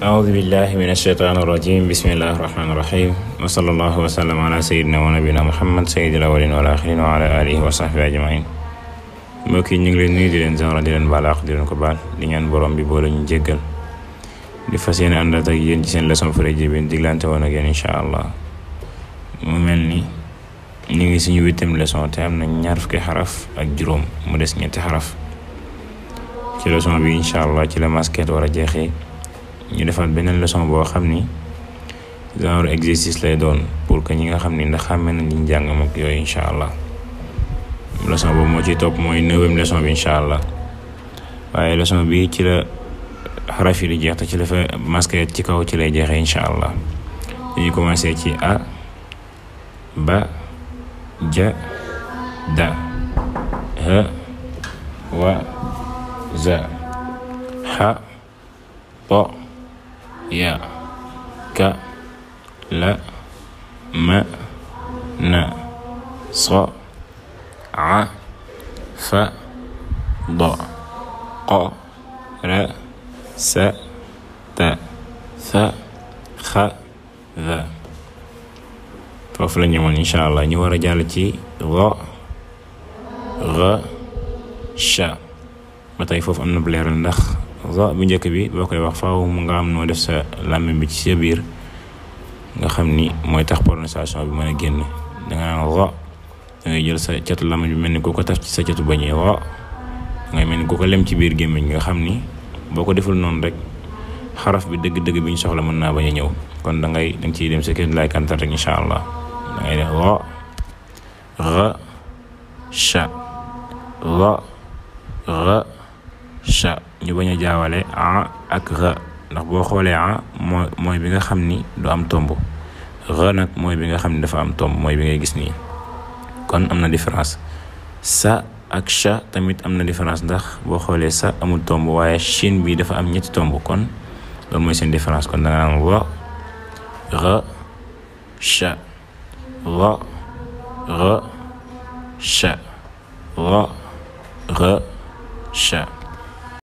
أعوذ بالله من الشيطان الرجيم بسم الله الرحمن الرحيم وصلى الله وسلم على سيدنا ونبينا محمد سيد الأولين والآخرين وعلى آله وصحبه أجمعين موكي نيغلي نوي دي لن زون دي لن بالاخ دي لن كبال لي نان بوروم بي بولا ني جيغال دي فاسين اندات اك يين سين لاسون فري جي بين ديغلانتي وون اك ان شاء الله مو ملني نيغي سيني ويتم لاسون تام نا نيار فك حرف اك جروم مو حرف تي لاسون بي ان شاء الله تي لا ماسكيت ñu defal benen leçon bo xamni genre exercice lay doon pour que ñi nga xamni ni ndax xàmme nañ jàng mak yoy inshallah leçon bo mo ci top moy 9e leçon bi inshallah waye leçon bi ci la harafi li jeex ta ci la fa masque ci kaw ci lay jeexee inshallah allah commencé ci a ba ja da ha wa za ha ba يا ك لا م ن ص ع ف ض ق ر س ت ث خ ذ فوفلا نيمون ان شاء الله ني ورا جال تي غ غ ش ما تاي فوف امنا بليرال نخ za bu njëkk bi boo koy wax faaw mu nga am noo def sa làmmiñ bi ci sa biir nga xam ni mooy tax prononciation bi mën a génn da nga naan za da ngay jël sa catu làmmiñ bi mel ni ko ko taf ci sa catu bañee wa da ngay mel ni ko ko lem ci biir gémmiñ nga xam ni boo ko deful noonu rek xaraf bi dëgg-dëgg bi ñu soxla mën naa bañ ñëw kon da ngay da ciy dem sa kenn laay kantar rek allah da ngay def wa sha ñu baña jaawale a ak ra ndax boo xoolee a mooy mooy bi nga xam ni du am tomb ra nag mooy bi nga xam ni dafa am tomb mooy bi ngay gis nii kon am na différence sa ak sha tamit am na différence ndax boo xoolee sa amul tomb waaye shin bi dafa am ñetti tomb kon loolu mooy seen différence kon da nga naan wa ra sha wa ra sha ra ra sha